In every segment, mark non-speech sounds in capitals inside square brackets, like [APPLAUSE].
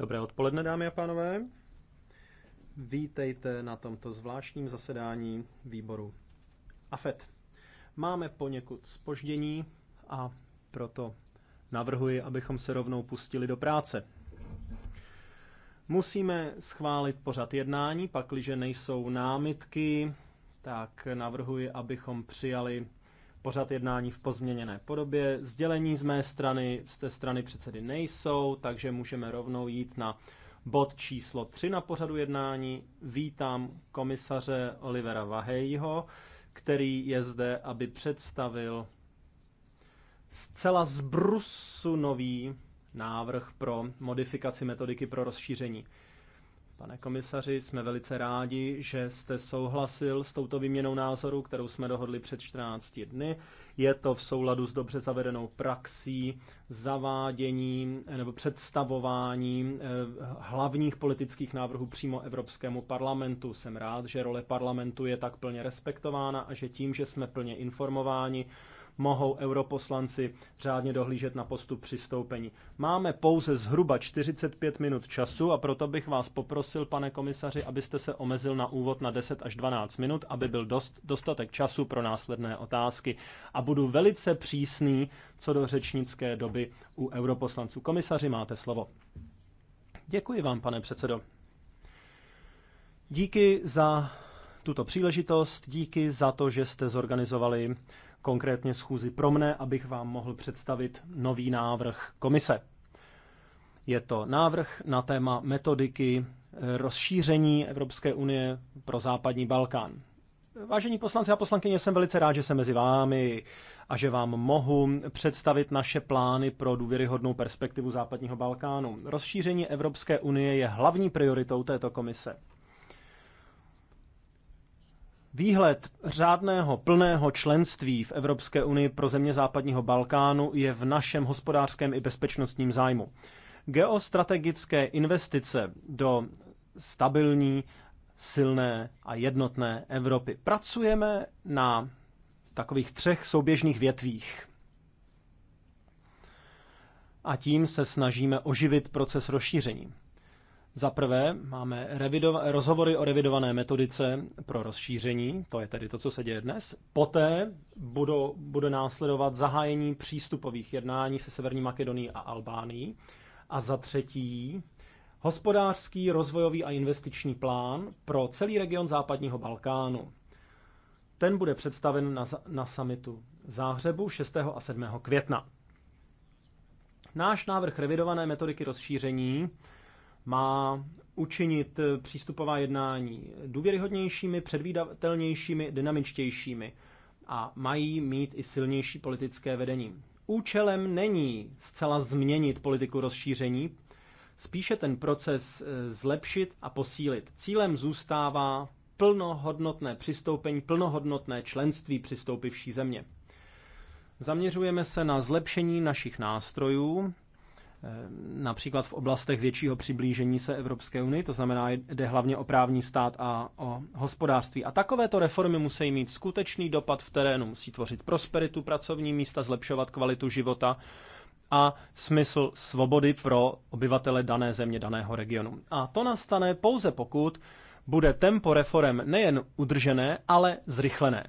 Dobré odpoledne, dámy a pánové. Vítejte na tomto zvláštním zasedání výboru AFET. Máme poněkud spoždění a proto navrhuji, abychom se rovnou pustili do práce. Musíme schválit pořad jednání, pakliže nejsou námitky, tak navrhuji, abychom přijali pořad jednání v pozměněné podobě. Sdělení z mé strany, z té strany předsedy nejsou, takže můžeme rovnou jít na bod číslo 3 na pořadu jednání. Vítám komisaře Olivera Vahejho, který je zde, aby představil zcela zbrusu nový návrh pro modifikaci metodiky pro rozšíření. Pane komisaři, jsme velice rádi, že jste souhlasil s touto výměnou názoru, kterou jsme dohodli před 14 dny. Je to v souladu s dobře zavedenou praxí, zaváděním eh, nebo představováním eh, hlavních politických návrhů přímo Evropskému parlamentu. Jsem rád, že role parlamentu je tak plně respektována a že tím, že jsme plně informováni, mohou europoslanci řádně dohlížet na postup přistoupení. Máme pouze zhruba 45 minut času a proto bych vás poprosil, pane komisaři, abyste se omezil na úvod na 10 až 12 minut, aby byl dost, dostatek času pro následné otázky. A budu velice přísný co do řečnické doby u europoslanců. Komisaři, máte slovo. Děkuji vám, pane předsedo. Díky za tuto příležitost, díky za to, že jste zorganizovali konkrétně schůzi pro mne, abych vám mohl představit nový návrh komise. Je to návrh na téma metodiky rozšíření Evropské unie pro západní Balkán. Vážení poslanci a poslankyně, jsem velice rád, že jsem mezi vámi a že vám mohu představit naše plány pro důvěryhodnou perspektivu západního Balkánu. Rozšíření Evropské unie je hlavní prioritou této komise. Výhled řádného plného členství v Evropské unii pro země západního Balkánu je v našem hospodářském i bezpečnostním zájmu. Geostrategické investice do stabilní, silné a jednotné Evropy. Pracujeme na takových třech souběžných větvích. A tím se snažíme oživit proces rozšíření. Za prvé máme rozhovory o revidované metodice pro rozšíření, to je tedy to, co se děje dnes. Poté budou, bude následovat zahájení přístupových jednání se Severní Makedonií a Albánií. A za třetí hospodářský, rozvojový a investiční plán pro celý region západního Balkánu. Ten bude představen na, na samitu Záhřebu 6. a 7. května. Náš návrh revidované metodiky rozšíření má učinit eh, přístupová jednání důvěryhodnějšími, předvídatelnějšími, dynamičtějšími a mají mít i silnější politické vedení. Účelem není zcela změnit politiku rozšíření, spíše ten proces eh, zlepšit a posílit. Cílem zůstává plnohodnotné přistoupení, plnohodnotné členství přistoupivší země. Zaměřujeme se na zlepšení našich nástrojů, Eh, například v oblastech většího přiblížení se Evropské unii, to znamená, jde hlavně o právní stát a o hospodářství. A takovéto reformy musí mít skutečný dopad v terénu, musí tvořit prosperitu, pracovní místa, zlepšovat kvalitu života a smysl svobody pro obyvatele dané země, daného regionu. A to nastane pouze pokud bude tempo reform nejen udržené, ale zrychlené.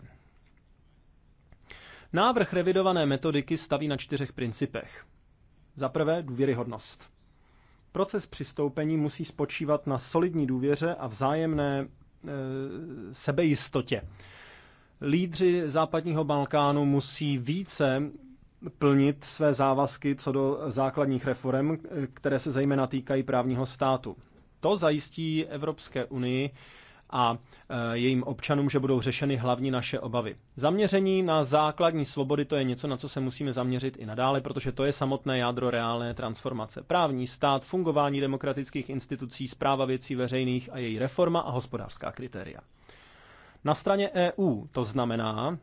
Návrh revidované metodiky staví na čtyřech principech. Za prvé důvěryhodnost. Proces přistoupení musí spočívat na solidní důvěře a vzájemné e, sebejistotě. Lídři západního Balkánu musí více plnit své závazky co do základních reform, e, které se zejména týkají právního státu. To zajistí Evropské unii a e, jejím občanům, že budou řešeny hlavní naše obavy. Zaměření na základní svobody to je něco, na co se musíme zaměřit i nadále, protože to je samotné jádro reálné transformace. Právní stát, fungování demokratických institucí, zpráva věcí veřejných a její reforma a hospodářská kritéria. Na straně EU to znamená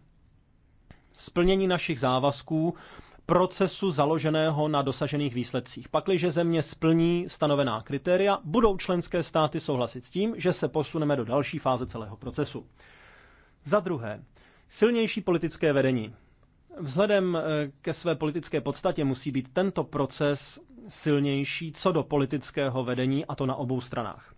splnění našich závazků procesu založeného na dosažených výsledcích. Pakliže země splní stanovená kritéria, budou členské státy souhlasit s tím, že se posuneme do další fáze celého procesu. Za druhé, silnější politické vedení. Vzhledem eh, ke své politické podstatě musí být tento proces silnější co do politického vedení, a to na obou stranách.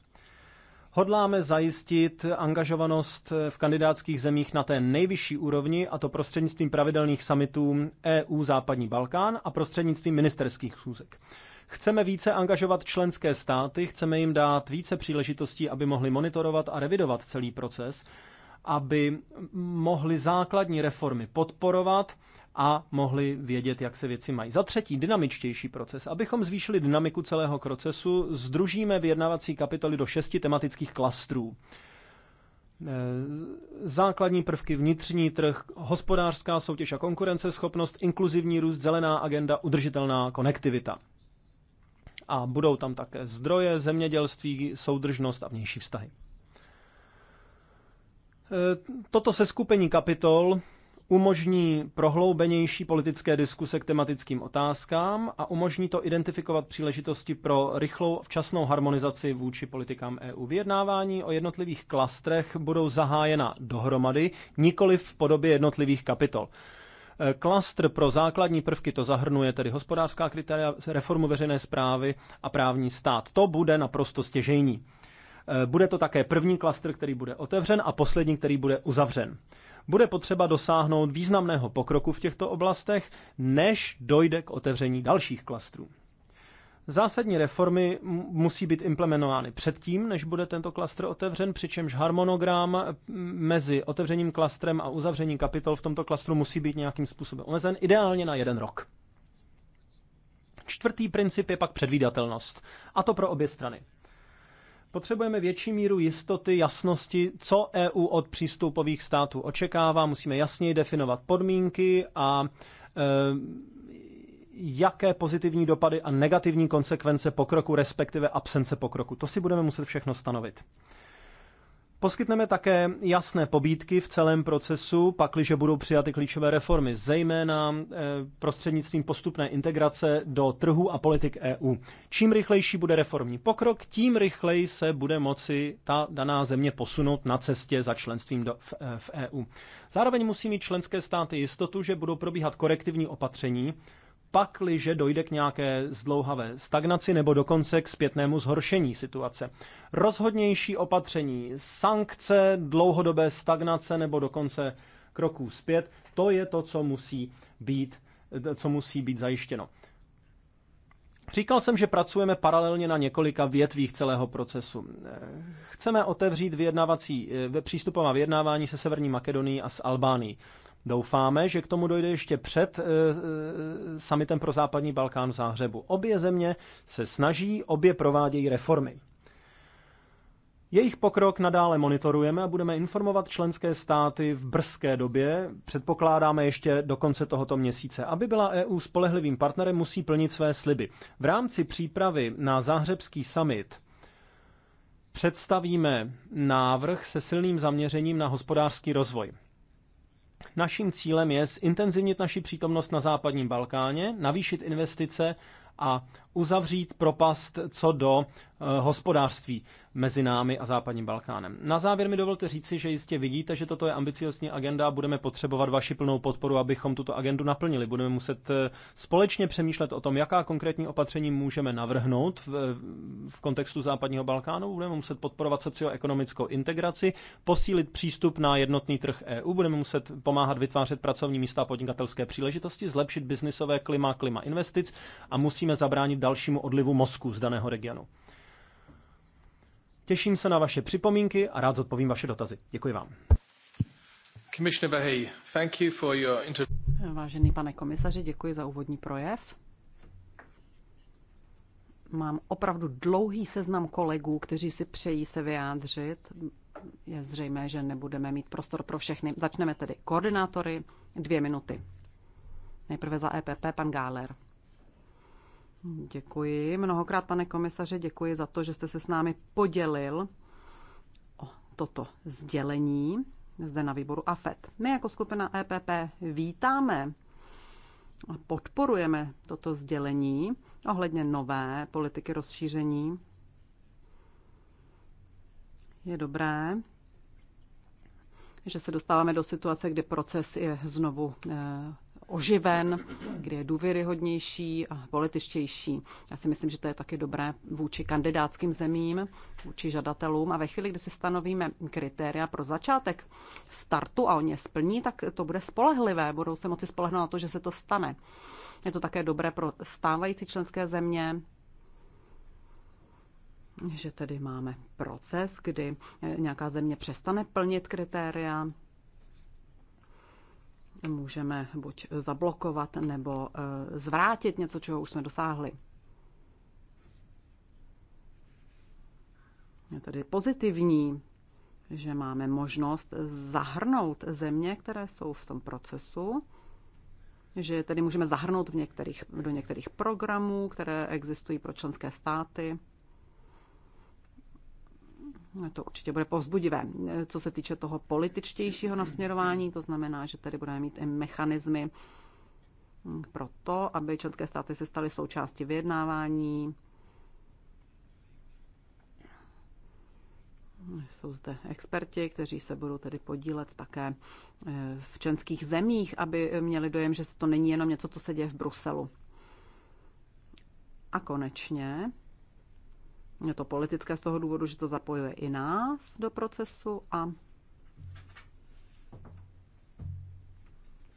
Hodláme zajistit angažovanost v kandidátských zemích na té nejvyšší úrovni, a to prostřednictvím pravidelných summitů EU Západní Balkán a prostřednictvím ministerských schůzek. Chceme více angažovat členské státy, chceme jim dát více příležitostí, aby mohli monitorovat a revidovat celý proces, aby mohli základní reformy podporovat a mohli vědět, jak se věci mají. Za třetí, dynamičtější proces. Abychom zvýšili dynamiku celého procesu, združíme vyjednávací kapitoly do šesti tematických klastrů. E, základní prvky vnitřní trh, hospodářská soutěž a konkurenceschopnost, inkluzivní růst, zelená agenda, udržitelná konektivita. A budou tam také zdroje, zemědělství, soudržnost a vnější vztahy. E, toto seskupení kapitol umožní prohloubenější politické diskuse k tematickým otázkám a umožní to identifikovat příležitosti pro rychlou včasnou harmonizaci vůči politikám EU. Vyjednávání o jednotlivých klastrech budou zahájena dohromady, nikoli v podobě jednotlivých kapitol. E, klastr pro základní prvky to zahrnuje tedy hospodářská kritéria, reformu veřejné zprávy a právní stát. To bude naprosto stěžejní. E, bude to také první klastr, který bude otevřen a poslední, který bude uzavřen bude potřeba dosáhnout významného pokroku v těchto oblastech, než dojde k otevření dalších klastrů. Zásadní reformy musí být implementovány předtím, než bude tento klastr otevřen, přičemž harmonogram mezi otevřením klastrem a uzavřením kapitol v tomto klastru musí být nějakým způsobem omezen, ideálně na jeden rok. Čtvrtý princip je pak předvídatelnost, a to pro obě strany. Potřebujeme větší míru jistoty, jasnosti, co EU od přístupových států očekává. Musíme jasněji definovat podmínky a e, jaké pozitivní dopady a negativní konsekvence pokroku, respektive absence pokroku. To si budeme muset všechno stanovit. Poskytneme také jasné pobídky v celém procesu, pakliže budou přijaty klíčové reformy, zejména eh, prostřednictvím postupné integrace do trhu a politik EU. Čím rychlejší bude reformní pokrok, tím rychleji se bude moci ta daná země posunout na cestě za členstvím do, v, eh, v EU. Zároveň musí mít členské státy jistotu, že budou probíhat korektivní opatření, pakliže dojde k nějaké zdlouhavé stagnaci nebo dokonce k zpětnému zhoršení situace. Rozhodnější opatření, sankce, dlouhodobé stagnace nebo dokonce kroků zpět, to je to, co musí být, co musí být zajištěno. Říkal jsem, že pracujeme paralelně na několika větvích celého procesu. Chceme otevřít vyjednavací, e, přístupová vyjednávání se Severní Makedonii a s Albánií. Doufáme, že k tomu dojde ještě před eh, eh, summitem pro západní Balkán v Záhřebu. Obě země se snaží, obě provádějí reformy. Jejich pokrok nadále monitorujeme a budeme informovat členské státy v brzké době, předpokládáme ještě do konce tohoto měsíce. Aby byla EU spolehlivým partnerem, musí plnit své sliby. V rámci přípravy na záhřebský summit představíme návrh se silným zaměřením na hospodářský rozvoj. Naším cílem je zintenzivnit naši přítomnost na západním Balkáně, navýšit investice a uzavřít propast co do eh, hospodářství mezi námi a západním Balkánem. Na závěr mi dovolte říci, že jistě vidíte, že toto je ambiciozní agenda a budeme potřebovat vaši plnou podporu, abychom tuto agendu naplnili. Budeme muset eh, společně přemýšlet o tom, jaká konkrétní opatření můžeme navrhnout v, v kontextu západního Balkánu. Budeme muset podporovat socioekonomickou integraci, posílit přístup na jednotný trh EU, budeme muset pomáhat vytvářet pracovní místa a podnikatelské příležitosti, zlepšit biznisové klima, klima investic a musíme zabránit dalšímu odlivu mozku z daného regionu. Těším se na vaše připomínky a rád zodpovím vaše dotazy. Děkuji vám. Vážený pane komisaři, děkuji za úvodní projev. Mám opravdu dlouhý seznam kolegů, kteří si přejí se vyjádřit. Je zřejmé, že nebudeme mít prostor pro všechny. Začneme tedy koordinátory, dvě minuty. Nejprve za EPP pan Gáler. Děkuji. Mnohokrát, pane komisaře, děkuji za to, že jste se s námi podělil o toto sdělení zde na výboru AFET. My jako skupina EPP vítáme a podporujeme toto sdělení ohledně nové politiky rozšíření. Je dobré, že se dostáváme do situace, kdy proces je znovu eh, oživen, kdy je důvěryhodnější a političtější. Já si myslím, že to je taky dobré vůči kandidátským zemím, vůči žadatelům. A ve chvíli, kdy si stanovíme kritéria pro začátek startu a oni je splní, tak to bude spolehlivé. Budou se moci spolehnout na to, že se to stane. Je to také dobré pro stávající členské země, že tedy máme proces, kdy nějaká země přestane plnit kritéria, můžeme buď zablokovat nebo eh, zvrátit něco, čeho už jsme dosáhli. Je tedy pozitivní, že máme možnost zahrnout země, které jsou v tom procesu, že tedy můžeme zahrnout v některých, do některých programů, které existují pro členské státy. To určitě bude povzbudivé. Co se týče toho političtějšího nasměrování, to znamená, že tady budeme mít i mechanismy pro to, aby členské státy se staly součástí vyjednávání. Jsou zde experti, kteří se budou tedy podílet také eh, v členských zemích, aby měli dojem, že to není jenom něco, co se děje v Bruselu. A konečně je to politické z toho důvodu, že to zapojuje i nás do procesu a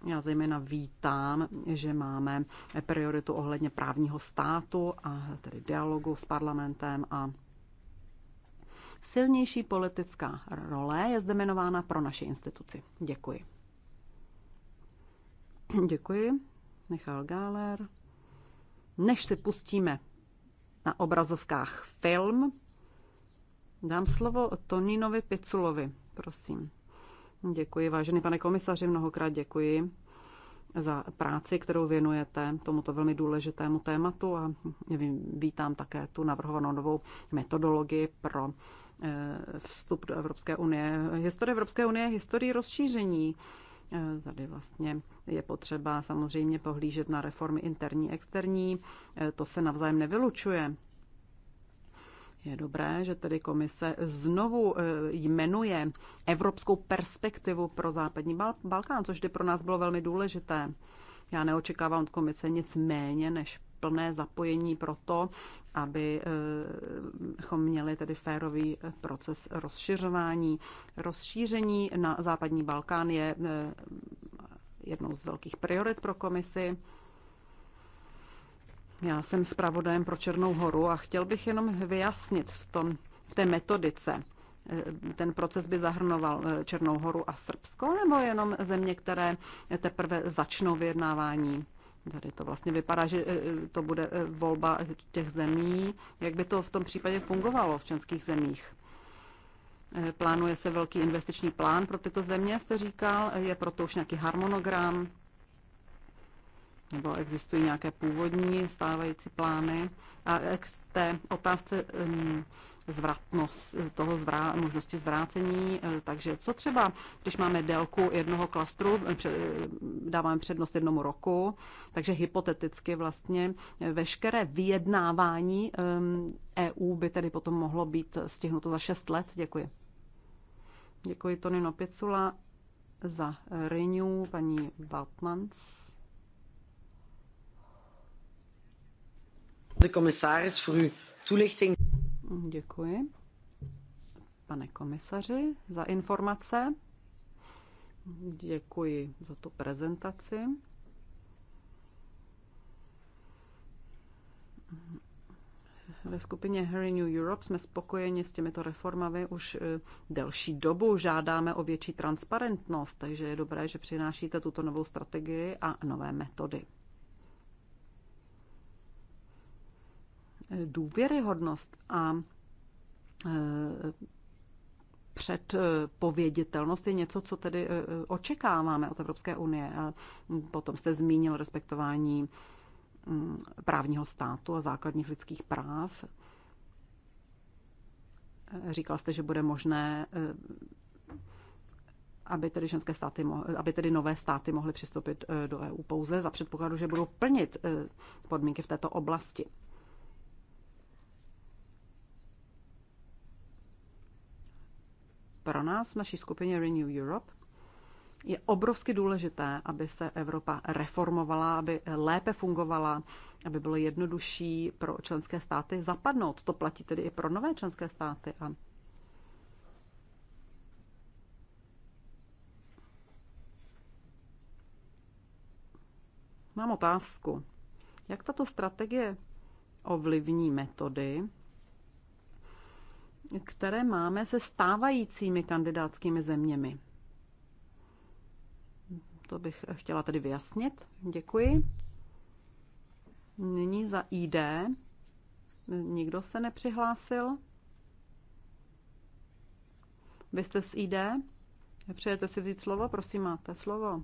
já zejména vítám, že máme prioritu ohledně právního státu a tedy dialogu s parlamentem a silnější politická role je zde jmenována pro naši instituci. Děkuji. Děkuji. Michal Gáler. Než si pustíme na obrazovkách film. Dám slovo Toninovi Piculovi, prosím. Děkuji, vážený pane komisaři, mnohokrát děkuji za práci, kterou věnujete tomuto velmi důležitému tématu a vítám také tu navrhovanou novou metodologii pro eh, vstup do Evropské unie. Historie Evropské unie je historii rozšíření. Tady vlastně je potřeba samozřejmě pohlížet na reformy interní, externí. To se navzájem nevylučuje. Je dobré, že tedy komise znovu eh, jmenuje evropskou perspektivu pro západní Balkán, což by pro nás bylo velmi důležité. Já neočekávám od komise nic méně než plné zapojení pro to, abychom eh, měli tedy férový eh, proces rozšiřování. Rozšíření na západní Balkán je eh, jednou z velkých priorit pro komisi. Já jsem zpravodajem pro Černou horu a chtěl bych jenom vyjasnit v, tom, v té metodice, ten proces by zahrnoval Černou horu a Srbsko, nebo jenom země, které teprve začnou vyjednávání? Tady to vlastně vypadá, že eh, to bude eh, volba těch zemí. Jak by to v tom případě fungovalo v členských zemích? Eh, plánuje se velký investiční plán pro tyto země, jste říkal, je proto už nějaký harmonogram, nebo existují nějaké původní stávající plány. A k té otázce ehm, zvratnost, toho zvrá, možnosti zvrácení. Eh, takže co třeba, když máme délku jednoho klastru, eh, eh, dáváme přednost jednomu roku, takže hypoteticky vlastně veškeré vyjednávání EU e by tedy potom mohlo být stihnuto za 6 let. Děkuji. Děkuji Tonino Picula za Renew, paní Waltmans. De commissaris, voor uw toelichting. Děkuji, pane komisaři, za informace. Děkuji za tu prezentaci. Ve skupině Harry New Europe jsme spokojeni s těmito reformami už e, delší dobu. Žádáme o větší transparentnost, takže je dobré, že přinášíte tuto novou strategii a nové metody. důvěryhodnost a e, předpověditelnost je něco, co tedy e, e, očekáváme od Evropské unie. A potom jste zmínil respektování právního státu a základních lidských práv. Říkal jste, že bude možné, aby tedy, ženské státy mohly, aby tedy nové státy mohly přistoupit do EU pouze za předpokladu, že budou plnit podmínky v této oblasti. pro nás v naší skupině Renew Europe je obrovsky důležité, aby se Evropa reformovala, aby lépe fungovala, aby bylo jednodušší pro členské státy zapadnout. To platí tedy i pro nové členské státy. A Mám otázku. Jak tato strategie ovlivní metody, které máme se stávajícími kandidátskými zeměmi. To bych chtěla tedy vyjasnit. Děkuji. Nyní za ID. Nikdo se nepřihlásil. Vy jste z ID? Přejete si vzít slovo? Prosím, máte slovo.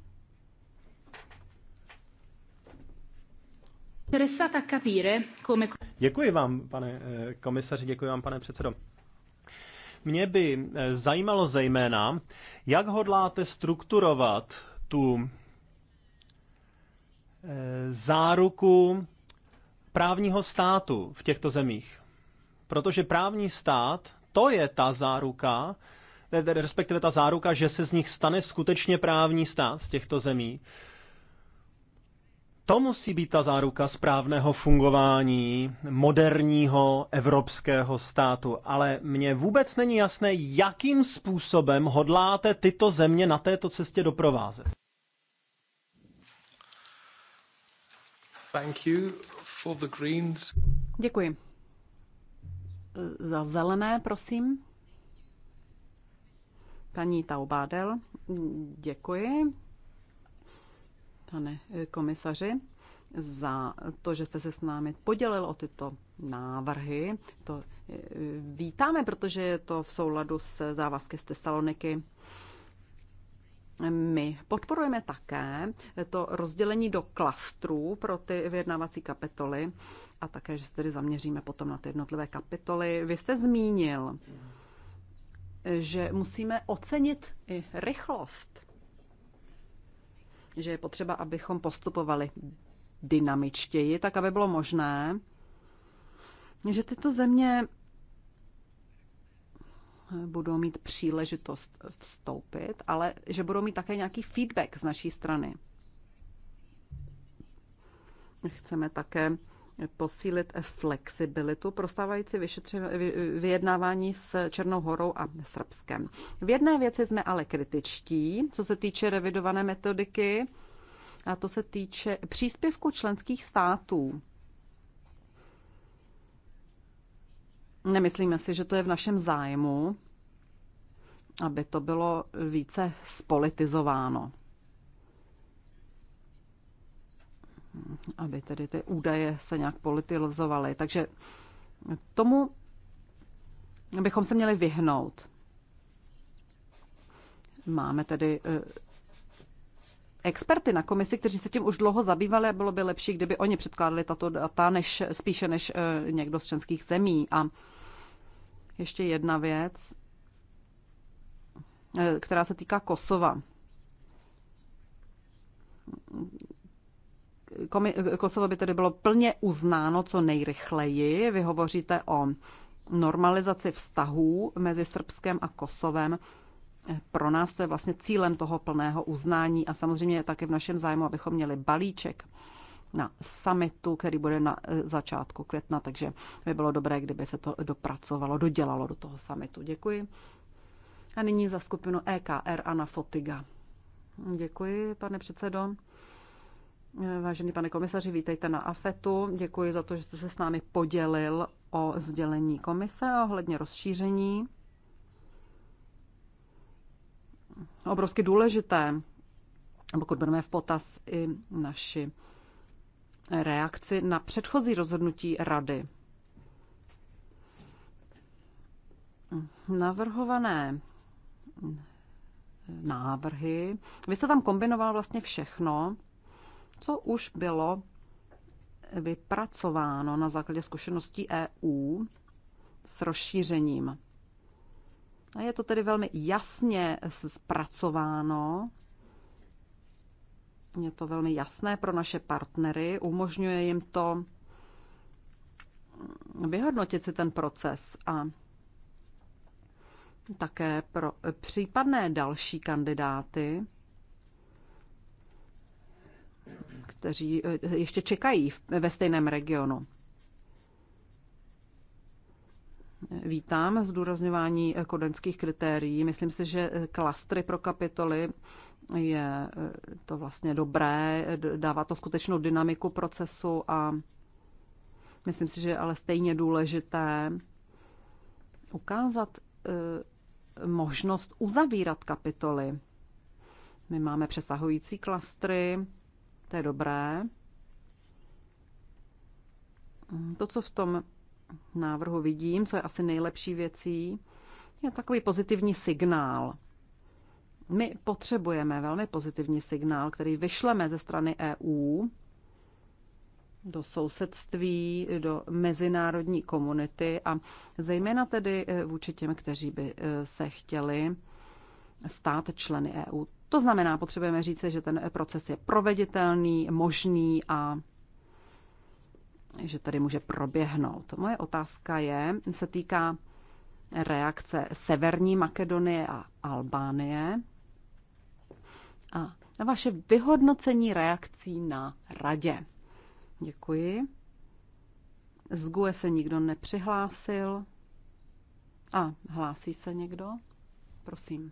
Děkuji vám, pane eh, komisaři, děkuji vám, pane předsedo. Mě by eh, zajímalo zejména, jak hodláte strukturovat tu eh, záruku právního státu v těchto zemích. Protože právní stát, to je ta záruka, eh, respektive ta záruka, že se z nich stane skutečně právní stát z těchto zemí. To musí být ta záruka správného fungování moderního evropského státu. Ale mně vůbec není jasné, jakým způsobem hodláte tyto země na této cestě doprovázet. Thank you for the greens. Děkuji. Za zelené, prosím. Paní Taubádel, děkuji pane eh, komisaři, za to, že jste se s námi podělil o tyto návrhy. To eh, vítáme, protože je to v souladu s závazky z Testaloniky. My podporujeme také to rozdělení do klastrů pro ty vyjednávací kapitoly a také, že se tedy zaměříme potom na ty jednotlivé kapitoly. Vy jste zmínil, že musíme ocenit i rychlost že je potřeba, abychom postupovali dynamičtěji, tak aby bylo možné, že tyto země budou mít příležitost vstoupit, ale že budou mít také nějaký feedback z naší strany. Chceme také posílit flexibilitu pro stávající vyjednávání s Černou horou a Srbskem. V jedné věci jsme ale kritičtí, co se týče revidované metodiky, a to se týče příspěvku členských států. Nemyslíme si, že to je v našem zájmu, aby to bylo více spolitizováno. aby tedy ty údaje se nějak politizovaly. Takže tomu bychom se měli vyhnout. Máme tedy eh, experty na komisi, kteří se tím už dlouho zabývali a bylo by lepší, kdyby oni předkládali tato data než, spíše než eh, někdo z členských zemí. A ještě jedna věc, eh, která se týká Kosova. Kosovo by tedy bylo plně uznáno co nejrychleji. Vy hovoříte o normalizaci vztahů mezi Srbskem a Kosovem. Pro nás to je vlastně cílem toho plného uznání a samozřejmě je také v našem zájmu, abychom měli balíček na summitu, který bude na e, začátku května, takže by bylo dobré, kdyby se to dopracovalo, dodělalo do toho summitu. Děkuji. A nyní za skupinu EKR Ana Fotiga. Děkuji, pane předsedo. Vážený pane komisaři, vítejte na AFETu. Děkuji za to, že jste se s námi podělil o sdělení komise ohledně rozšíření. Obrovsky důležité, pokud budeme v potaz i naši reakci na předchozí rozhodnutí rady. Navrhované návrhy. Vy jste tam kombinoval vlastně všechno, co už bylo vypracováno na základě zkušeností EU s rozšířením. A je to tedy velmi jasně zpracováno. Je to velmi jasné pro naše partnery, umožňuje jim to vyhodnotit si ten proces a také pro případné další kandidáty kteří eh, ještě čekají ve stejném regionu. Vítám zdůrazňování kodenských kritérií. Myslím si, že klastry pro kapitoly je eh, to vlastně dobré, dává to skutečnou dynamiku procesu a myslím si, že je ale stejně důležité ukázat eh, možnost uzavírat kapitoly. My máme přesahující klastry, to je dobré. To, co v tom návrhu vidím, co je asi nejlepší věcí, je takový pozitivní signál. My potřebujeme velmi pozitivní signál, který vyšleme ze strany EU do sousedství, do mezinárodní komunity a zejména tedy eh, vůči těm, kteří by eh, se chtěli stát členy EU. To znamená, potřebujeme říct, že ten proces je proveditelný, možný a že tady může proběhnout. Moje otázka je, se týká reakce Severní Makedonie a Albánie a na vaše vyhodnocení reakcí na radě. Děkuji. Z GUE se nikdo nepřihlásil. A hlásí se někdo? Prosím.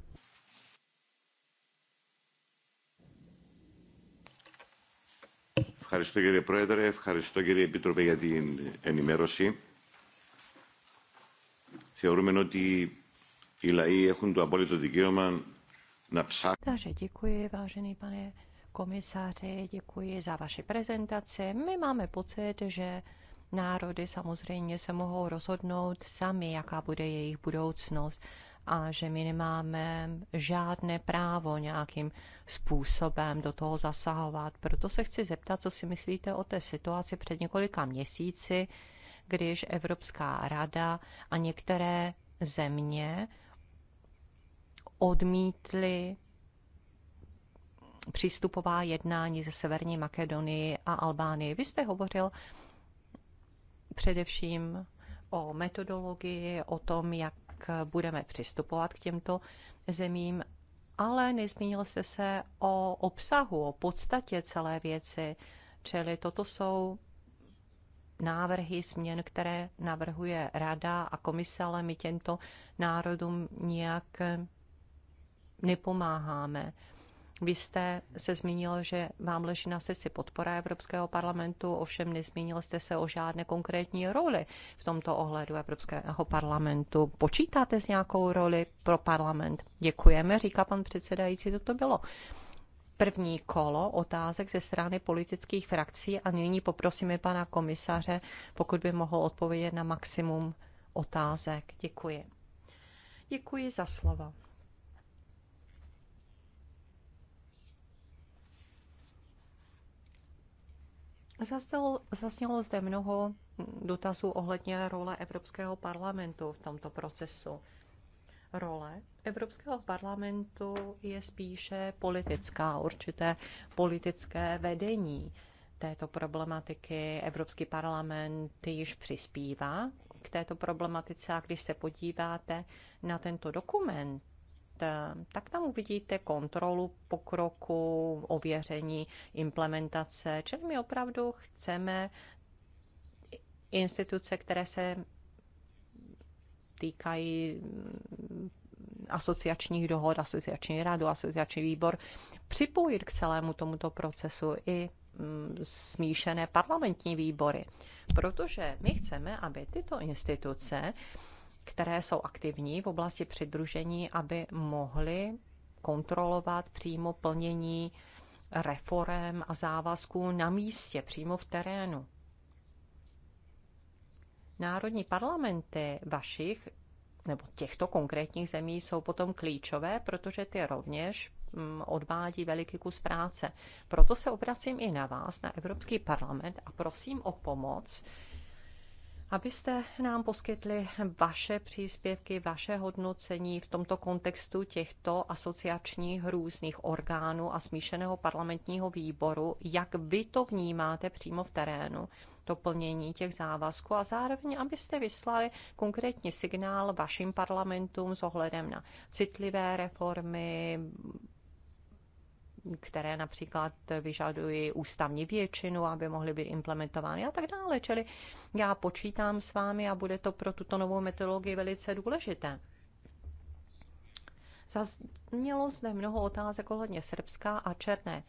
Ευχαριστώ κύριε Πρόεδρε, ευχαριστώ κύριε Επίτροπε για την ενημέρωση. Θεωρούμε ότι οι λαοί έχουν το απόλυτο δικαίωμα να ψάχνουν. Takže komisáři, děkuji za vaši prezentaci. My máme pocit, že národy samozřejmě se mohou rozhodnout sami, jaká bude jejich budoucnost a že my nemáme žádné právo nějakým způsobem do toho zasahovat. Proto se chci zeptat, co si myslíte o té situaci před několika měsíci, když Evropská rada a některé země odmítly přístupová jednání ze Severní Makedonii a Albánii. Vy jste hovořil především o metodologii, o tom, jak jak budeme přistupovat k těmto zemím, ale nezmínil jste se o obsahu, o podstatě celé věci, čili toto jsou návrhy změn, které navrhuje Rada a komise, ale my těmto národům nijak nepomáháme. Vy jste se zmínil, že vám leží na srdci podpora Evropského parlamentu, ovšem nezmínil jste se o žádné konkrétní roli v tomto ohledu Evropského parlamentu. Počítáte s nějakou roli pro parlament? Děkujeme, říká pan předsedající, to to bylo první kolo otázek ze strany politických frakcí a nyní poprosíme pana komisaře, pokud by mohl odpovědět na maximum otázek. Děkuji. Děkuji za slovo. Zastalo, zasnělo zde mnoho dotazů ohledně role Evropského parlamentu v tomto procesu. Role Evropského parlamentu je spíše politická, určité politické vedení této problematiky. Evropský parlament již přispívá k této problematice a když se podíváte na tento dokument, Ehm, tak tam uvidíte kontrolu pokroku, ověření implementace, čili my opravdu chceme instituce, které se týkají mm, asociačních dohod, asociační radu, asociační výbor, připojit k celému tomuto procesu i mm, smíšené parlamentní výbory. Protože my chceme, aby tyto instituce které jsou aktivní v oblasti přidružení, aby mohly kontrolovat přímo plnění reform a závazků na místě, přímo v terénu. Národní parlamenty vašich nebo těchto konkrétních zemí jsou potom klíčové, protože ty rovněž mm, odvádí veliký kus práce. Proto se obracím i na vás, na Evropský parlament a prosím o pomoc abyste nám poskytli vaše příspěvky, vaše hodnocení v tomto kontextu těchto asociačních různých orgánů a smíšeného parlamentního výboru, jak vy to vnímáte přímo v terénu, to plnění těch závazků a zároveň, abyste vyslali konkrétní signál vašim parlamentům s ohledem na citlivé reformy, které například vyžadují ústavní většinu, aby mohly být implementovány a tak dále. Čili já počítám s vámi a bude to pro tuto novou metodologii velice důležité. Zaznělo zde mnoho otázek ohledně Srbska a Černé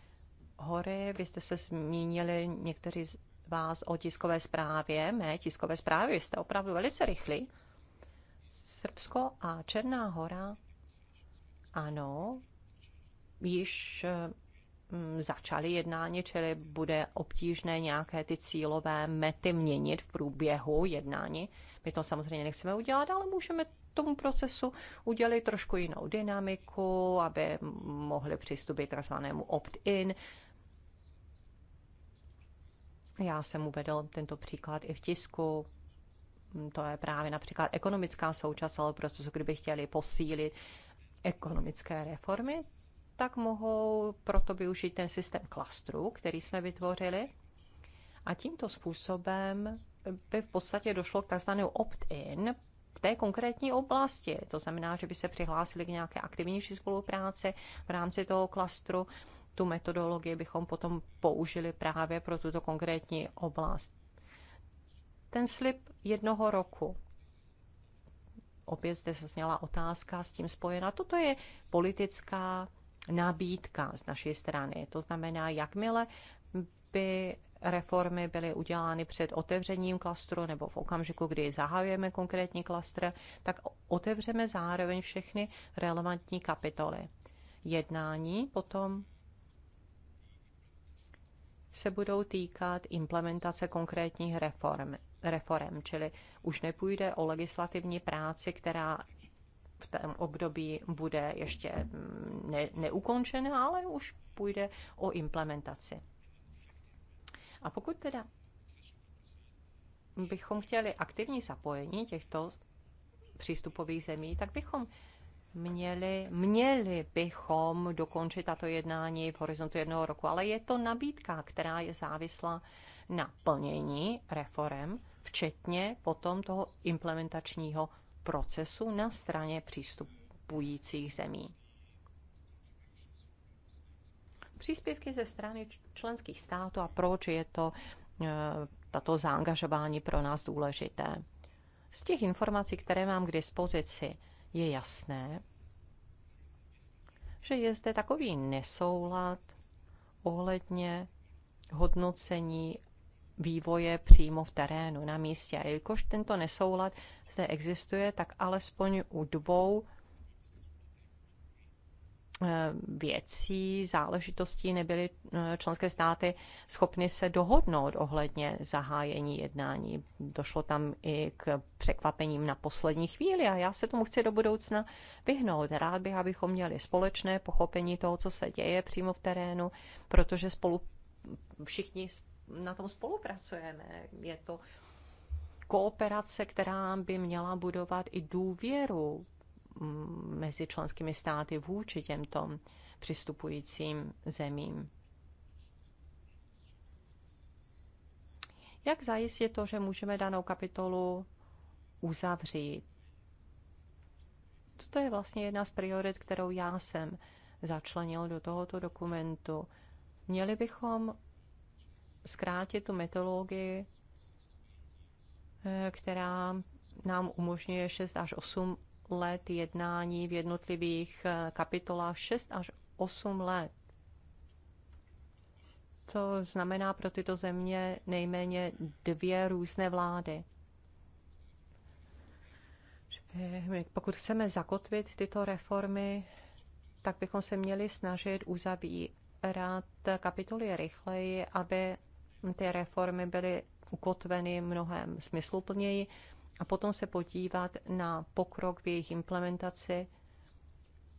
hory. Vy jste se zmínili někteří z vás o tiskové zprávě, mé tiskové zprávy. Vy jste opravdu velice rychlí. Srbsko a Černá hora, ano, již eh, mm, začaly jednání, čili bude obtížné nějaké ty cílové mety měnit v průběhu jednání. My to samozřejmě nechceme udělat, ale můžeme tomu procesu udělat trošku jinou dynamiku, aby mohli přistupit k zvanému opt-in. Já jsem uvedl tento příklad i v tisku. To je právě například ekonomická součást celého procesu, kdyby chtěli posílit ekonomické reformy, tak mohou proto využít ten systém klastru, který jsme vytvořili. A tímto způsobem by v podstatě došlo k tzv. opt-in v té konkrétní oblasti. To znamená, že by se přihlásili k nějaké aktivnější spolupráci v rámci toho klastru. Tu metodologii bychom potom použili právě pro tuto konkrétní oblast. Ten slib jednoho roku. Opět zde zazněla otázka s tím spojena. Toto je politická nabídka z naší strany. To znamená, jakmile by reformy byly udělány před otevřením klastru nebo v okamžiku, kdy zahajujeme konkrétní klastr, tak otevřeme zároveň všechny relevantní kapitoly. Jednání potom se budou týkat implementace konkrétních reform reform, čili už nepůjde o legislativní práci, která v tom období bude ještě mm, ne, neukončená, ale už půjde o implementaci. A pokud teda bychom chtěli aktivní zapojení těchto přístupových zemí, tak bychom měli, měli bychom dokončit tato jednání v horizontu jednoho roku, ale je to nabídka, která je závislá na plnění reform, včetně potom toho implementačního procesu na straně přístupujících zemí. Příspěvky ze strany členských států a proč je to eh, tato zaangažování pro nás důležité. Z těch informací, které mám k dispozici, je jasné, že je zde takový nesoulad ohledně hodnocení vývoje přímo v terénu, na místě. A jelikož tento nesoulad zde existuje, tak alespoň u dvou eh, věcí, záležitostí nebyly eh, členské státy schopny se dohodnout ohledně zahájení jednání. Došlo tam i k překvapením na poslední chvíli a já se tomu chci do budoucna vyhnout. Rád bych, abychom měli společné pochopení toho, co se děje přímo v terénu, protože spolu všichni na tom spolupracujeme. Je to kooperace, která by měla budovat i důvěru mm, mezi členskými státy vůči těmto přistupujícím zemím. Jak zajistit to, že můžeme danou kapitolu uzavřít? To je vlastně jedna z priorit, kterou já jsem začlenil do tohoto dokumentu. Měli bychom zkrátit tu metodologii, eh, která nám umožňuje 6 až 8 let jednání v jednotlivých eh, kapitolách. 6 až 8 let. To znamená pro tyto země nejméně dvě různé vlády. Pokud chceme zakotvit tyto reformy, tak bychom se měli snažit uzavírat kapitoly rychleji, aby ty reformy byly ukotveny mnohem smysluplněji a potom se podívat na pokrok v jejich implementaci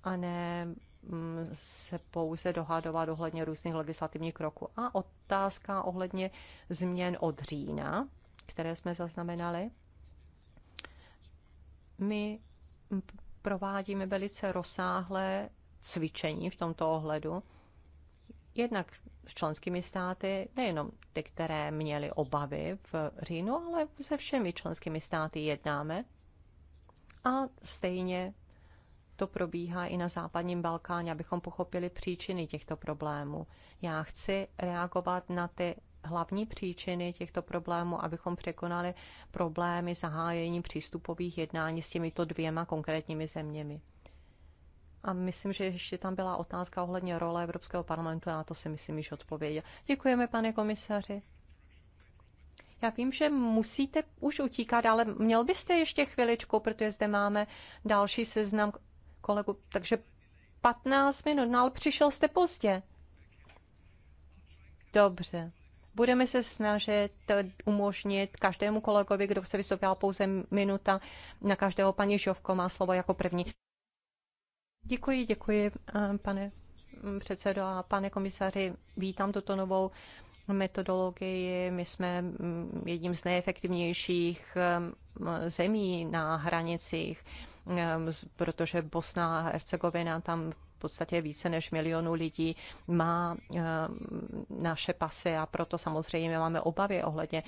a ne mm, se pouze dohadovat ohledně různých legislativních kroků. A otázka ohledně změn od října, které jsme zaznamenali. My provádíme velice rozsáhlé cvičení v tomto ohledu. Jednak s členskými státy, nejenom ty, které měly obavy v říjnu, ale se všemi členskými státy jednáme. A stejně to probíhá i na západním Balkáně, abychom pochopili příčiny těchto problémů. Já chci reagovat na ty hlavní příčiny těchto problémů, abychom překonali problémy zahájení přístupových jednání s těmito dvěma konkrétními zeměmi. A myslím, že ještě tam byla otázka ohledně role Evropského parlamentu, a na to si myslím, již odpověděl. Děkujeme, pane komisaři. Já vím, že musíte už utíkat, ale měl byste ještě chviličku, protože zde máme další seznam kolegu. Takže 15 minut, no ale přišel jste pozdě. Dobře. Budeme se snažit umožnit každému kolegovi, kdo se vystoupil, pouze minuta, na každého paní Žovko má slovo jako první. Děkuji, děkuji, eh, pane předsedo a pane komisaři. Vítám tuto novou metodologii. My jsme mm, jedním z nejefektivnějších eh, zemí na hranicích, eh, protože Bosna a Hercegovina tam v podstatě více než milionu lidí má eh, naše pasy a proto samozřejmě máme obavy ohledně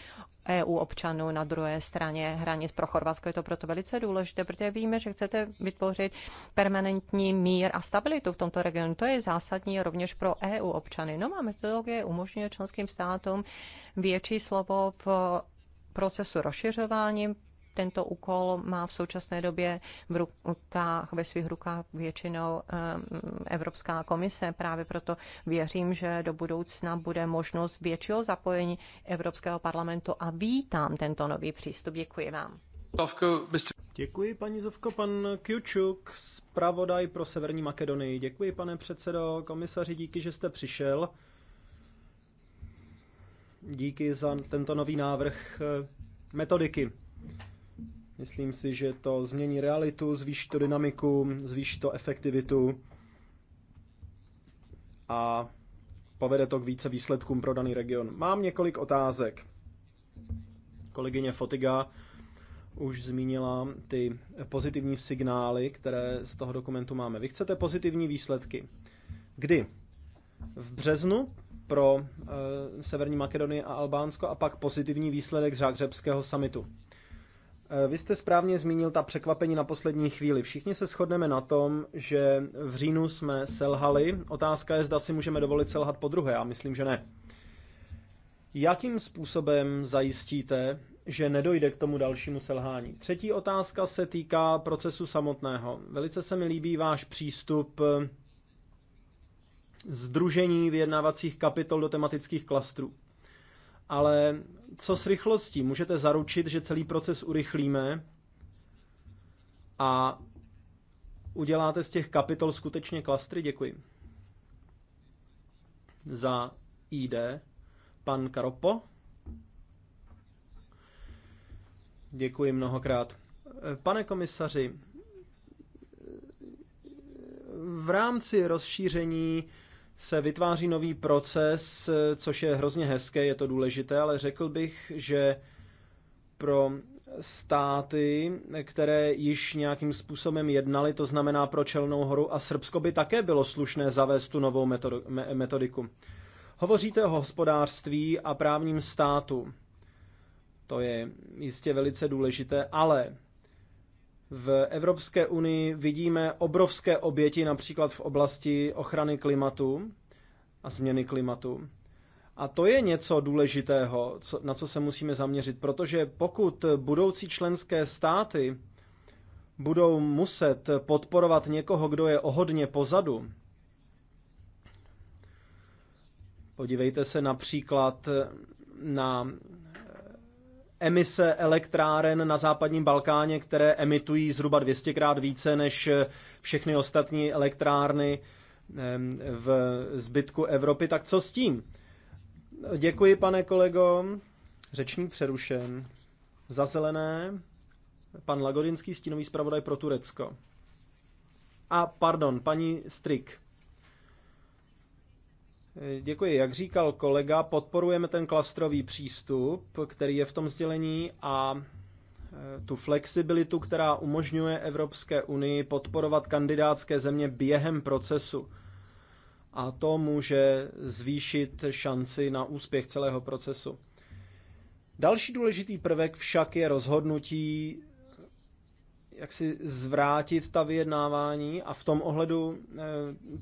EU občanů na druhé straně hranic. Pro Chorvatsko je to proto velice důležité, protože víme, že chcete vytvořit permanentní mír a stabilitu v tomto regionu. To je zásadní rovněž pro EU občany. Nová metodologie umožňuje členským státům větší slovo v procesu rozšiřování tento úkol má v současné době v rukách, ve svých rukách většinou Evropská komise. Právě proto věřím, že do budoucna bude možnost většího zapojení Evropského parlamentu a vítám tento nový přístup. Děkuji vám. Děkuji, paní Zovko. Pan Kjučuk, zpravodaj pro Severní Makedonii. Děkuji, pane předsedo, komisaři, díky, že jste přišel. Díky za tento nový návrh eh, metodiky. Myslím si, že to změní realitu, zvýší to dynamiku, zvýší to efektivitu a povede to k více výsledkům pro daný region. Mám několik otázek. Kolegyně Fotiga už zmínila ty pozitivní signály, které z toho dokumentu máme. Vy chcete pozitivní výsledky. Kdy? V březnu pro e, Severní Makedonii a Albánsko a pak pozitivní výsledek z Řákřebského samitu. Eh, vy jste správně zmínil ta překvapení na poslední chvíli. Všichni se shodneme na tom, že v říjnu jsme selhali. Otázka je, zda si můžeme dovolit selhat po druhé. Já myslím, že ne. Jakým způsobem zajistíte, že nedojde k tomu dalšímu selhání? Třetí otázka se týká procesu samotného. Velice se mi líbí váš přístup eh, združení vyjednávacích kapitol do tematických klastrů ale co s rychlostí? Můžete zaručit, že celý proces urychlíme a uděláte z těch kapitol skutečně klastry? Děkuji. Za ID pan Karopo. Děkuji mnohokrát. Pane komisaři, v rámci rozšíření se vytváří nový proces, což je hrozně hezké, je to důležité, ale řekl bych, že pro státy, které již nějakým způsobem jednali, to znamená pro Čelnou horu a Srbsko by také bylo slušné zavést tu novou metodiku. Hovoříte o hospodářství a právním státu. To je jistě velice důležité, ale v Evropské unii vidíme obrovské oběti například v oblasti ochrany klimatu a změny klimatu. A to je něco důležitého, co, na co se musíme zaměřit, protože pokud budoucí členské státy budou muset podporovat někoho, kdo je ohodně pozadu, podívejte se například na emise elektráren na západním Balkáně, které emitují zhruba 200 krát více než eh, všechny ostatní elektrárny v zbytku Evropy, tak co s tím? Děkuji, pane kolego. Řečník přerušen. Za zelené pan Lagodinský, stínový zpravodaj pro Turecko. A pardon, paní Strik. Děkuji. Jak říkal kolega, podporujeme ten klastrový přístup, který je v tom sdělení a e, tu flexibilitu, která umožňuje Evropské unii podporovat kandidátské země během procesu. A to může zvýšit šanci na úspěch celého procesu. Další důležitý prvek však je rozhodnutí jak si zvrátit ta vyjednávání a v tom ohledu eh,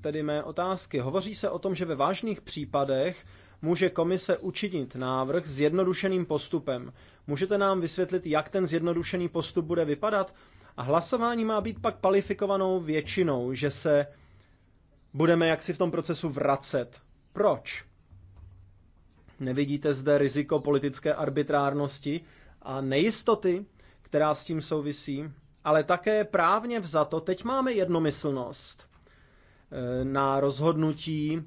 tedy mé otázky. Hovoří se o tom, že ve vážných případech může komise učinit návrh s jednodušeným postupem. Můžete nám vysvětlit, jak ten zjednodušený postup bude vypadat? A hlasování má být pak kvalifikovanou většinou, že se budeme jaksi v tom procesu vracet. Proč? Nevidíte zde riziko politické arbitrárnosti a nejistoty, která s tím souvisí? ale také právně vzato teď máme jednomyslnost eh, na rozhodnutí,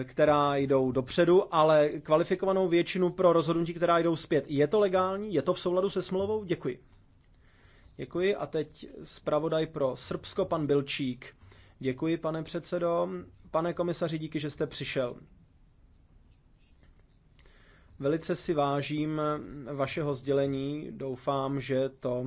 eh, která jdou dopředu, ale kvalifikovanou většinu pro rozhodnutí, která jdou zpět. Je to legální? Je to v souladu se smlouvou? Děkuji. Děkuji a teď zpravodaj pro Srbsko, pan Bilčík. Děkuji, pane předsedo. Pane komisaři, díky, že jste přišel. Velice si vážím vašeho sdělení. Doufám, že to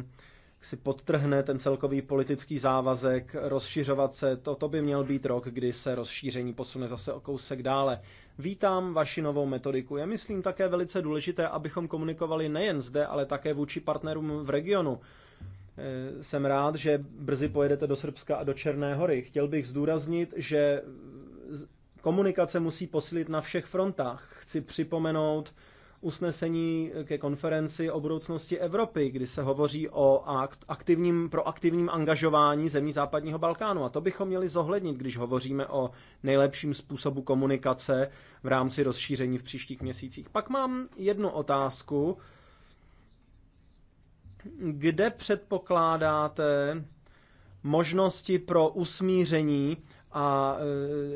si podtrhne ten celkový politický závazek rozšiřovat se. to by měl být rok, kdy se rozšíření posune zase o kousek dále. Vítám vaši novou metodiku. Já myslím také velice důležité, abychom komunikovali nejen zde, ale také vůči partnerům v regionu. E, jsem rád, že brzy pojedete do Srbska a do Černé hory. Chtěl bych zdůraznit, že komunikace musí posílit na všech frontách. Chci připomenout, usnesení ke konferenci o budoucnosti Evropy, kdy se hovoří o aktivním, proaktivním angažování zemí západního Balkánu. A to bychom měli zohlednit, když hovoříme o nejlepším způsobu komunikace v rámci rozšíření v příštích měsících. Pak mám jednu otázku. Kde předpokládáte možnosti pro usmíření a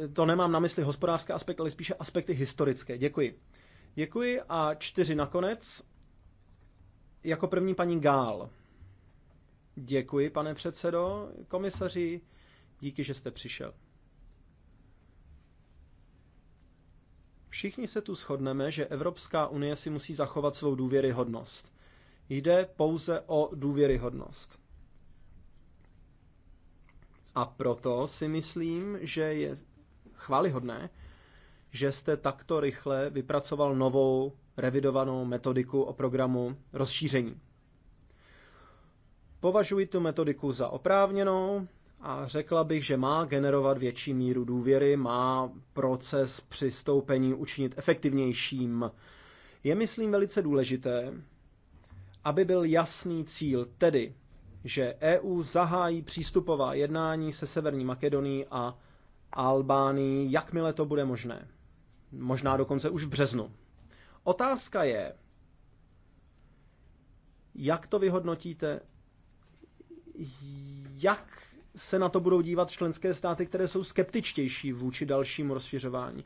e, to nemám na mysli hospodářské aspekty, ale spíše aspekty historické. Děkuji. Děkuji a čtyři nakonec. Jako první paní Gál. Děkuji, pane předsedo, komisaři, díky, že jste přišel. Všichni se tu shodneme, že Evropská unie si musí zachovat svou důvěryhodnost. Jde pouze o důvěryhodnost. A proto si myslím, že je chválihodné, že jste takto rychle vypracoval novou revidovanou metodiku o programu rozšíření. Považuji tu metodiku za oprávněnou a řekla bych, že má generovat větší míru důvěry, má proces přistoupení učinit efektivnějším. Je, myslím, velice důležité, aby byl jasný cíl, tedy, že EU zahájí přístupová jednání se Severní Makedonií a Albánií, jakmile to bude možné možná dokonce už v březnu. Otázka je, jak to vyhodnotíte, jak se na to budou dívat členské státy, které jsou skeptičtější vůči dalšímu rozšiřování.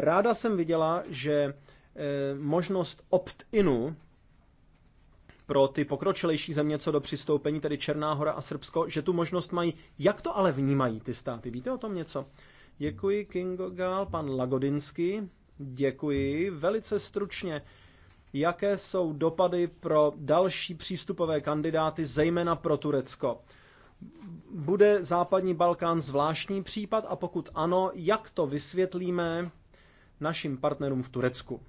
Ráda jsem viděla, že eh, možnost opt-inu pro ty pokročilejší země co do přistoupení, tedy Černá hora a Srbsko, že tu možnost mají. Jak to ale vnímají ty státy? Víte o tom něco? Děkuji, Kingo Gál, pan Lagodinský. Děkuji. Velice stručně, jaké jsou dopady pro další přístupové kandidáty, zejména pro Turecko? Bude západní Balkán zvláštní případ a pokud ano, jak to vysvětlíme našim partnerům v Turecku?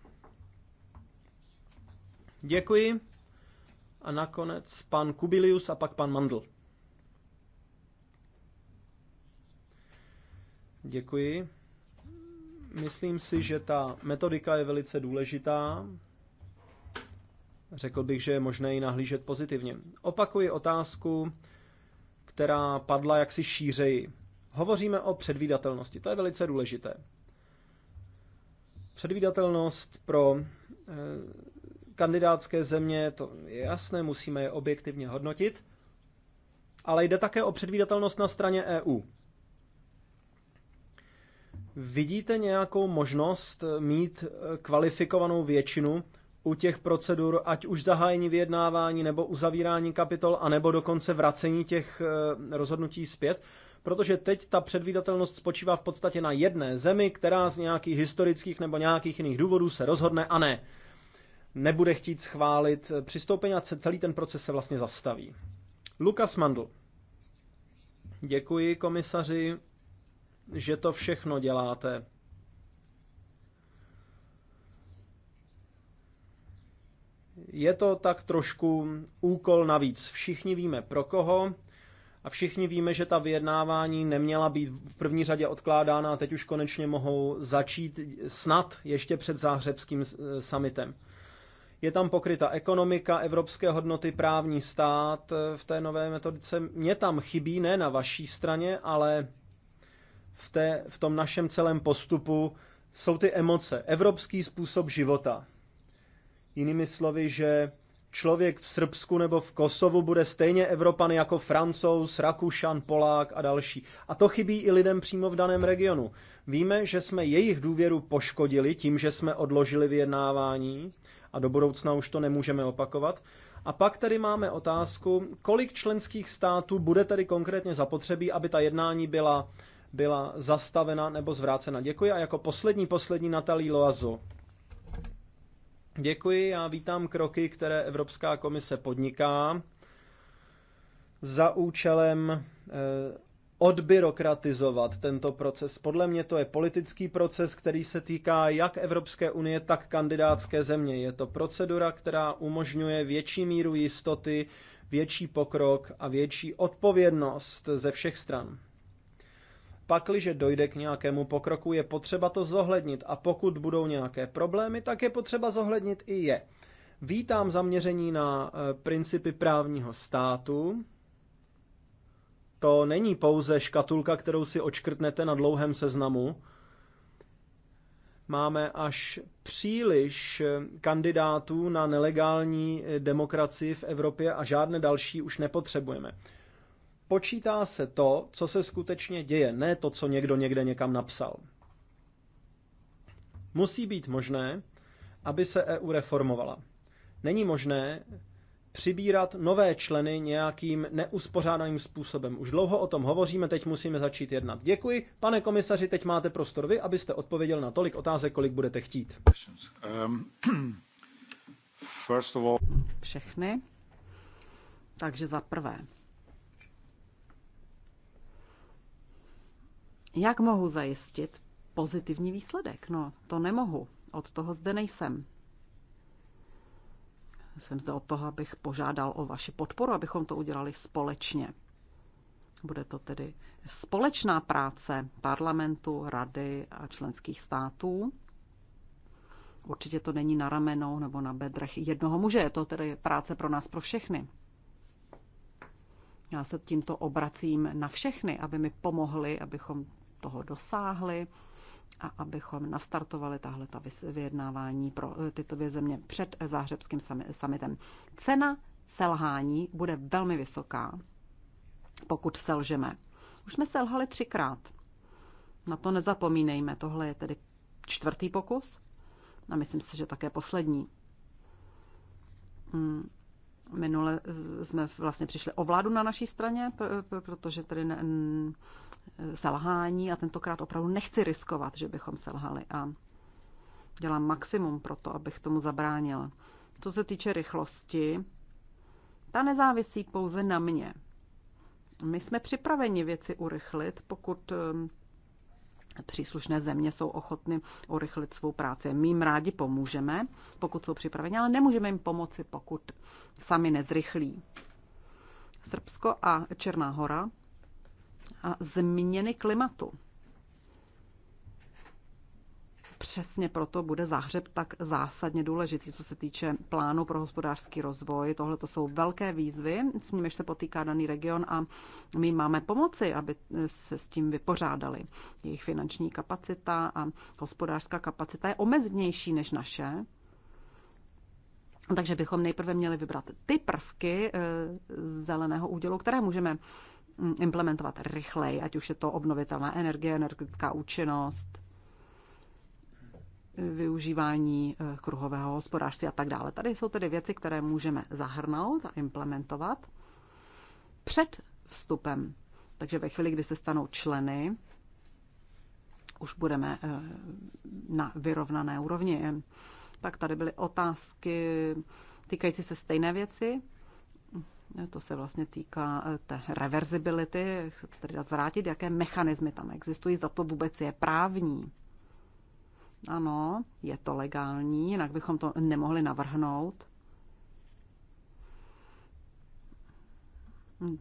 Děkuji. A nakonec pan Kubilius a pak pan Mandl. Děkuji. Myslím si, že ta metodika je velice důležitá. Řekl bych, že je možné ji nahlížet pozitivně. Opakuji otázku, která padla jaksi šířeji. Hovoříme o předvídatelnosti, to je velice důležité. Předvídatelnost pro eh, kandidátské země, to je jasné, musíme je objektivně hodnotit, ale jde také o předvídatelnost na straně EU. Vidíte nějakou možnost mít eh, kvalifikovanou většinu u těch procedur, ať už zahájení vyjednávání nebo uzavírání kapitol, anebo dokonce vracení těch eh, rozhodnutí zpět? Protože teď ta předvídatelnost spočívá v podstatě na jedné zemi, která z nějakých historických nebo nějakých jiných důvodů se rozhodne a ne. Nebude chtít schválit eh, přistoupení a celý ten proces se vlastně zastaví. Lukas Mandl. Děkuji komisaři že to všechno děláte. Je to tak trošku úkol navíc. Všichni víme pro koho a všichni víme, že ta vyjednávání neměla být v první řadě odkládána a teď už konečně mohou začít snad ještě před záhřebským eh, summitem. Je tam pokryta ekonomika, evropské hodnoty, právní stát eh, v té nové metodice. Mně tam chybí, ne na vaší straně, ale v, té, v tom našem celém postupu jsou ty emoce. Evropský způsob života. Jinými slovy, že člověk v Srbsku nebo v Kosovu bude stejně Evropan jako Francouz, Rakušan, Polák a další. A to chybí i lidem přímo v daném regionu. Víme, že jsme jejich důvěru poškodili tím, že jsme odložili vyjednávání a do budoucna už to nemůžeme opakovat. A pak tady máme otázku, kolik členských států bude tady konkrétně zapotřebí, aby ta jednání byla byla zastavena nebo zvrácena. Děkuji a jako poslední, poslední Natalí Loazo. Děkuji a vítám kroky, které Evropská komise podniká za účelem eh, odbyrokratizovat tento proces. Podle mě to je politický proces, který se týká jak Evropské unie, tak kandidátské země. Je to procedura, která umožňuje větší míru jistoty, větší pokrok a větší odpovědnost ze všech stran. Pakliže dojde k nějakému pokroku, je potřeba to zohlednit a pokud budou nějaké problémy, tak je potřeba zohlednit i je. Vítám zaměření na eh, principy právního státu. To není pouze škatulka, kterou si očkrtnete na dlouhém seznamu. Máme až příliš eh, kandidátů na nelegální eh, demokracii v Evropě a žádné další už nepotřebujeme počítá se to, co se skutečně děje, ne to, co někdo někde někam napsal. Musí být možné, aby se EU reformovala. Není možné přibírat nové členy nějakým neuspořádaným způsobem. Už dlouho o tom hovoříme, teď musíme začít jednat. Děkuji. Pane komisaři, teď máte prostor vy, abyste odpověděl na tolik otázek, kolik budete chtít. Um, [CLEARS THROAT] Všechny. Takže za prvé, Jak mohu zajistit pozitivní výsledek? No, to nemohu. Od toho zde nejsem. Jsem zde od toho, abych požádal o vaši podporu, abychom to udělali společně. Bude to tedy společná práce parlamentu, rady a členských států. Určitě to není na ramenou nebo na bedrech jednoho muže, je to tedy práce pro nás, pro všechny. Já se tímto obracím na všechny, aby mi pomohli, abychom toho dosáhli a abychom nastartovali tahle ta vyjednávání pro eh, tyto dvě země před eh, záhřebským samitem. Cena selhání bude velmi vysoká, pokud selžeme. Už jsme selhali třikrát. Na to nezapomínejme, tohle je tedy čtvrtý pokus a myslím si, že také poslední. Hmm. Minule jsme vlastně přišli o vládu na naší straně, protože tedy selhání a tentokrát opravdu nechci riskovat, že bychom selhali a dělám maximum pro to, abych tomu zabránil. Co se týče rychlosti, ta nezávisí pouze na mě. My jsme připraveni věci urychlit, pokud příslušné země jsou ochotny urychlit svou práci. My jim rádi pomůžeme, pokud jsou připraveni, ale nemůžeme jim pomoci, pokud sami nezrychlí. Srbsko a Černá hora a změny klimatu přesně proto bude zahřeb tak zásadně důležitý, co se týče plánu pro hospodářský rozvoj. Tohle to jsou velké výzvy, s nimiž se potýká daný region a my máme pomoci, aby se s tím vypořádali. Jejich finanční kapacita a hospodářská kapacita je omezenější než naše, takže bychom nejprve měli vybrat ty prvky eh, zeleného údělu, které můžeme mm, implementovat rychleji, ať už je to obnovitelná energie, energetická účinnost, využívání eh, kruhového hospodářství a tak dále. Tady jsou tedy věci, které můžeme zahrnout a implementovat před vstupem. Takže ve chvíli, kdy se stanou členy, už budeme eh, na vyrovnané úrovni. Pak tady byly otázky týkající se stejné věci. To se vlastně týká eh, té reverzibility, tedy zvrátit, jaké mechanismy tam existují, zda to vůbec je právní. Ano, je to legální, jinak bychom to nemohli navrhnout.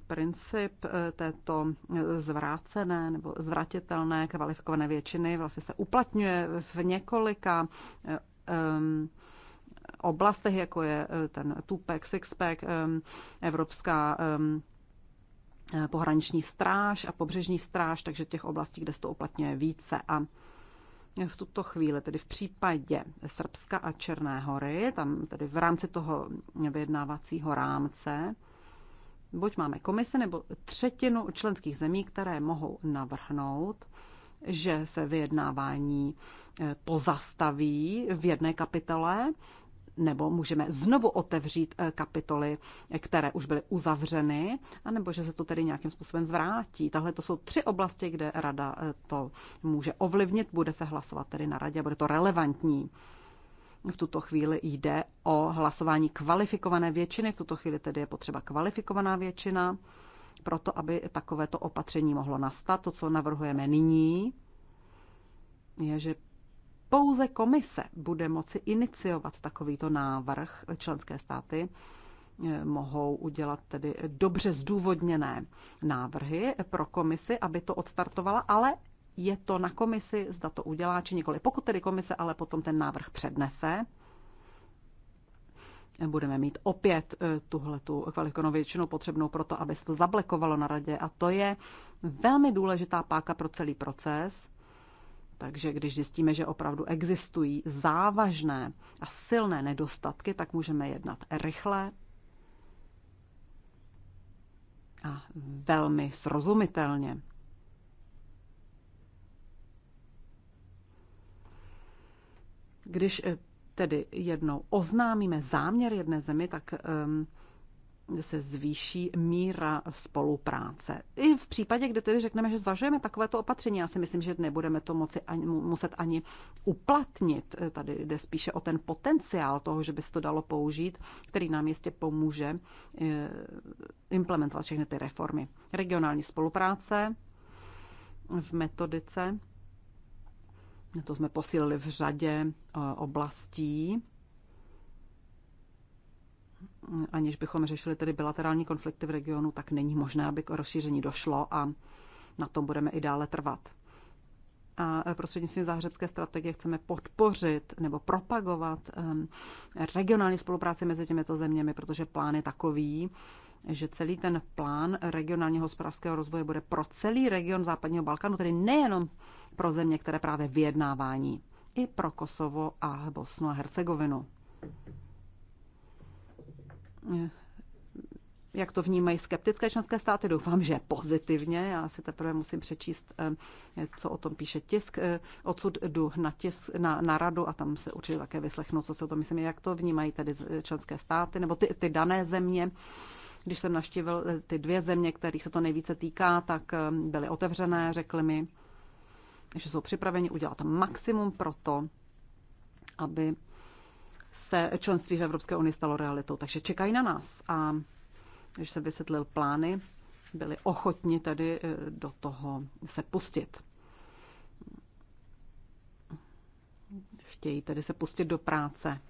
Princip eh, této eh, zvrácené nebo zvratitelné kvalifikované většiny vlastně se uplatňuje v několika um, oblastech, jako je ten Tupac, Sixpack, um, Evropská um, pohraniční stráž a pobřežní stráž, takže těch oblastí, kde se to uplatňuje více. A v tuto chvíli, tedy v případě Srbska a Černé hory, tam tedy v rámci toho vyjednávacího rámce, buď máme komise nebo třetinu členských zemí, které mohou navrhnout, že se vyjednávání eh, pozastaví v jedné kapitole nebo můžeme znovu otevřít eh, kapitoly, které už byly uzavřeny, anebo že se to tedy nějakým způsobem zvrátí. Tahle to jsou tři oblasti, kde rada eh, to může ovlivnit, bude se hlasovat tedy na radě, bude to relevantní. V tuto chvíli jde o hlasování kvalifikované většiny, v tuto chvíli tedy je potřeba kvalifikovaná většina, proto aby takovéto opatření mohlo nastat. To, co navrhujeme nyní, je, že pouze komise bude moci iniciovat takovýto návrh. Členské státy eh, mohou udělat tedy dobře zdůvodněné návrhy pro komisi, aby to odstartovala, ale je to na komisi, zda to udělá či nikoli. Pokud tedy komise ale potom ten návrh přednese, budeme mít opět eh, tuhle tu kvalifikovanou většinu potřebnou pro to, aby se to zablekovalo na radě. A to je velmi důležitá páka pro celý proces. Takže když zjistíme, že opravdu existují závažné a silné nedostatky, tak můžeme jednat rychle a velmi srozumitelně. Když eh, tedy jednou oznámíme záměr jedné zemi, tak um, se zvýší míra spolupráce. I v případě, kdy tedy řekneme, že zvažujeme takovéto opatření, já si myslím, že nebudeme to moci ani, muset ani uplatnit. Tady jde spíše o ten potenciál toho, že by se to dalo použít, který nám jistě pomůže eh, implementovat všechny ty reformy. Regionální spolupráce v metodice, to jsme posílili v řadě eh, oblastí aniž bychom řešili tedy bilaterální konflikty v regionu, tak není možné, aby k rozšíření došlo a na tom budeme i dále trvat. A e, prostřednictvím záhřebské strategie chceme podpořit nebo propagovat regionální spolupráci mezi těmito zeměmi, protože plán je takový, že celý ten plán regionálního hospodářského rozvoje bude pro celý region západního Balkánu, tedy nejenom pro země, které právě vyjednávání, i pro Kosovo a Bosnu a Hercegovinu. Eh, jak to vnímají skeptické členské státy. Doufám, že pozitivně. Já si teprve musím přečíst, eh, co o tom píše tisk. Eh, odsud jdu na, tisk, na, na radu a tam se určitě také vyslechnu, co se o tom myslím, jak to vnímají tedy členské státy nebo ty, ty dané země. Když jsem naštívil ty dvě země, kterých se to nejvíce týká, tak byly otevřené, řekli mi, že jsou připraveni udělat maximum pro to, aby se členství v Evropské unii stalo realitou. Takže čekají na nás. A když se vysvětlil plány, byli ochotni tedy eh, do toho se pustit. Chtějí tedy se pustit do práce.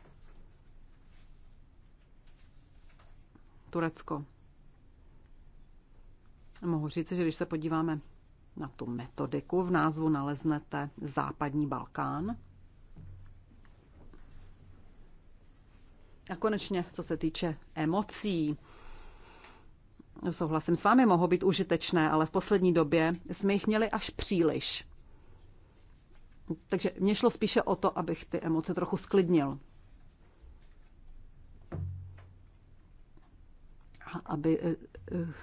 Turecko. Mohu říct, že když se podíváme na tu metodiku, v názvu naleznete Západní Balkán – A konečně, co se týče emocí, souhlasím s vámi, mohou být užitečné, ale v poslední době jsme jich měli až příliš. Takže mě šlo spíše o to, abych ty emoce trochu sklidnil. abychom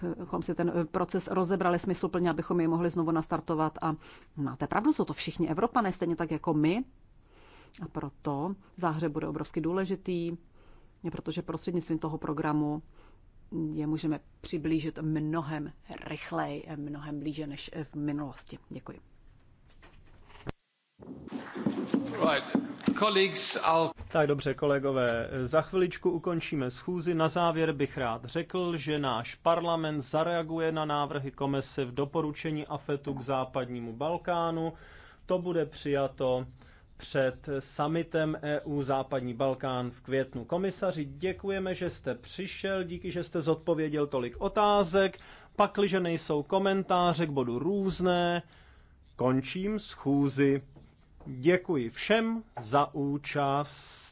eh, eh, si ten proces rozebrali smysluplně, abychom je mohli znovu nastartovat. A máte pravdu, jsou to všichni Evropané, stejně tak jako my. A proto záhře bude obrovsky důležitý protože prostřednictvím toho programu je můžeme přiblížit mnohem rychleji, mnohem blíže než v minulosti. Děkuji. Right. Tak dobře, kolegové, za chviličku ukončíme schůzi. Na závěr bych rád řekl, že náš parlament zareaguje na návrhy komise v doporučení AFETu k západnímu Balkánu. To bude přijato před summitem EU Západní Balkán v květnu. Komisaři, děkujeme, že jste přišel, díky, že jste zodpověděl tolik otázek. Pakliže nejsou komentáře k bodu různé, končím schůzi. Děkuji všem za účast.